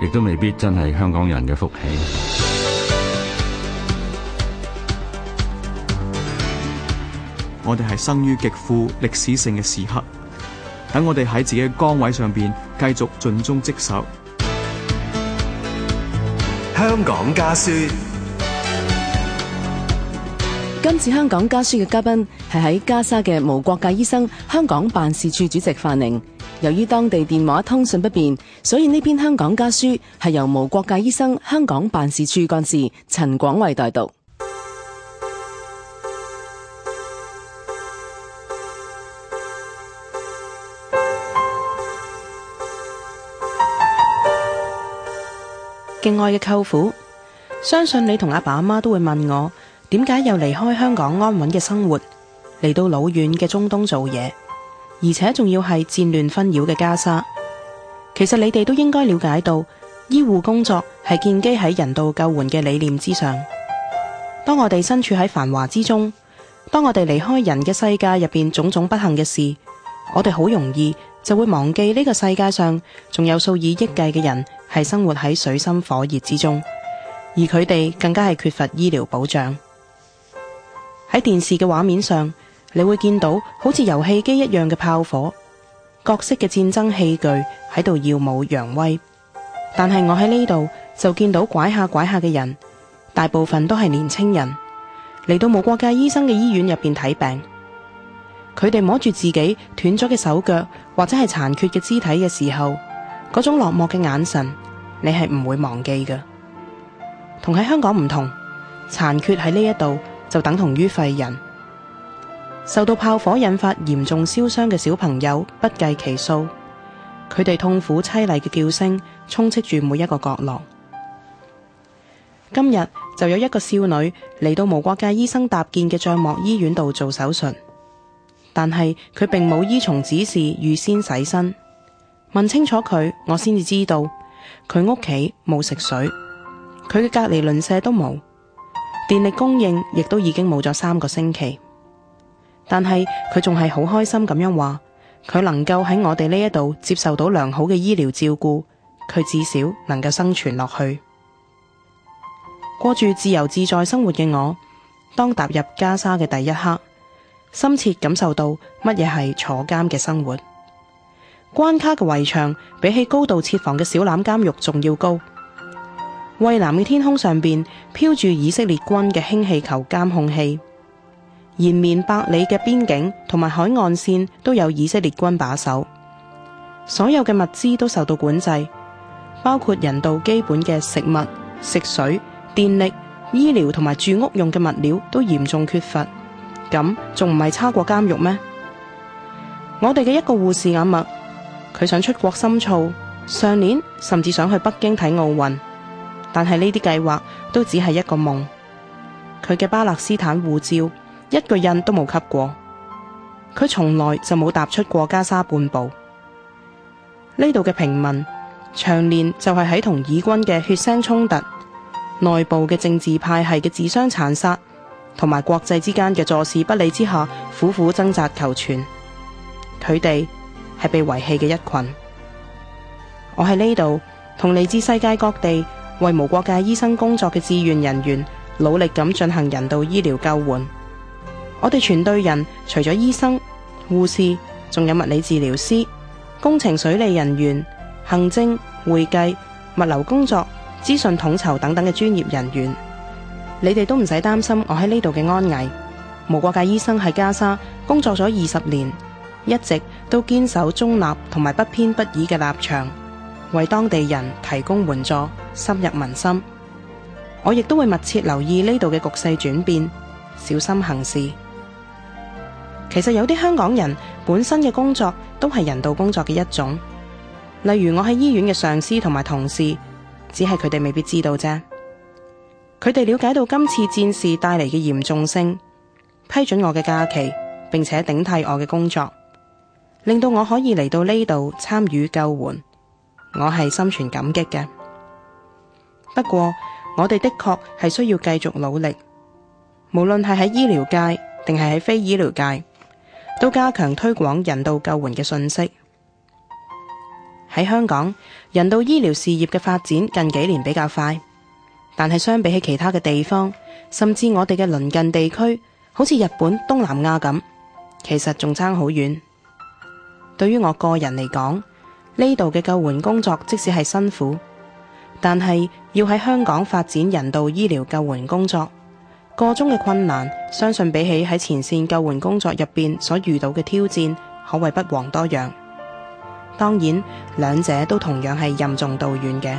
亦都未必真係香港人嘅福氣。 我哋係生於極富歷史性嘅時刻，等我哋喺自己嘅崗位上邊繼續盡忠職守。香港家書， 今次香港家書嘅嘉賓係喺加沙嘅無國界醫生香港辦事處主席范寧。由於當地電話通訊不便，所以呢篇香港家書係由無國界醫生香港辦事處幹事陳廣慧代讀。敬愛嘅舅父，相信你同阿爸阿媽都會問我，點解又離開香港安穩嘅生活，嚟到老遠嘅中東做嘢。而且仲要係戰亂紛擾嘅加沙，其實你哋都應該了解到，醫護工作係建基喺人道救援嘅理念之上。當我哋身處喺繁華之中，當我哋離開人嘅世界入邊種種不幸嘅事，我哋好容易就會忘記呢個世界上仲有數以億計嘅人係生活喺水深火熱之中，而佢哋更加係缺乏醫療保障。喺電視嘅畫面上。你會見到好似遊戲機一樣嘅炮火，各式嘅戰爭器具喺度耀武揚威。但係我喺呢度就見到拐下拐下嘅人，大部分都係年青人嚟到冇國界醫生嘅醫院入邊睇病。佢哋摸住自己斷咗嘅手腳或者係殘缺嘅肢體嘅時候，嗰種落寞嘅眼神，你係唔會忘記嘅。同喺香港唔同，殘缺喺呢一度就等同於廢人。受到炮火引發嚴重燒傷嘅小朋友不計其數，佢哋痛苦淒厲嘅叫聲充斥住每一個角落。今日就有一個少女嚟到無國界醫生搭建嘅帳幕醫院度做手術，但係佢並冇依從指示預先洗身。問清楚佢，我先至知道佢屋企冇食水，佢嘅隔離鄰舍都冇電力供應，亦都已經冇咗三個星期。但係佢仲係好開心咁樣話，佢能夠喺我哋呢一度接受到良好嘅醫療照顧，佢至少能夠生存落去。過住自由自在生活嘅我，當踏入加沙嘅第一刻，深切感受到乜嘢係坐監嘅生活。關卡嘅圍牆比起高度設防嘅小欖監獄仲要高。蔚藍嘅天空上邊飄住以色列軍嘅氫氣球監控器。延綿百里嘅邊境同埋海岸線都有以色列軍把守，所有嘅物資都受到管制，包括人道基本嘅食物、食水、電力、醫療同埋住屋用嘅物料都嚴重缺乏。咁仲唔係差過監獄咩？我哋嘅一個護士阿麥，佢想出國深造，上年甚至想去北京睇奧運，但係呢啲計劃都只係一個夢。佢嘅巴勒斯坦護照。一個印都冇吸過，佢從來就冇踏出過加沙半步。呢度嘅平民長年就係喺同以軍嘅血腥衝突、內部嘅政治派系嘅自相殘殺，同埋國際之間嘅坐視不理之下，苦苦掙扎求存。佢哋係被遺棄嘅一群。我喺呢度同嚟自世界各地為無國界醫生工作嘅志願人員，努力咁進行人道醫療救援。我哋全隊人除咗醫生、護士，仲有物理治療師、工程水利人員、行政、會計、物流工作、資訊統籌等等嘅專業人員。你哋都唔使擔心我喺呢度嘅安危。無國界醫生喺加沙工作咗二十年，一直都堅守中立同埋不偏不倚嘅立場，為當地人提供援助，深入民心。我亦都會密切留意呢度嘅局勢轉變，小心行事。其實有啲香港人本身嘅工作都係人道工作嘅一種，例如我喺醫院嘅上司同埋同事，只係佢哋未必知道啫。佢哋了解到今次戰事帶嚟嘅嚴重性，批准我嘅假期，並且頂替我嘅工作，令到我可以嚟到呢度參與救援。我係心存感激嘅。不過我哋的確係需要繼續努力，無論係喺醫療界定係喺非醫療界。都加強推廣人道救援嘅信息。喺香港，人道醫療事業嘅發展近幾年比較快，但係相比起其他嘅地方，甚至我哋嘅鄰近地區，好似日本、東南亞咁，其實仲差好遠。對於我個人嚟講，呢度嘅救援工作即使係辛苦，但係要喺香港發展人道醫療救援工作。個中嘅困難，相信比起喺前線救援工作入邊所遇到嘅挑戰，可謂不遑多讓。當然，兩者都同樣係任重道遠嘅。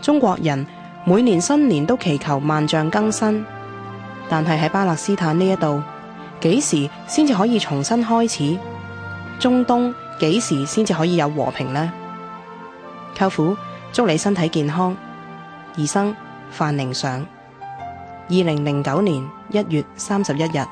中國人每年新年都祈求萬象更新，但係喺巴勒斯坦呢一度，幾時先至可以重新開始？中東幾時先至可以有和平呢？舅父，祝你身體健康，醫生范寧上。二零零九年一月三十一日。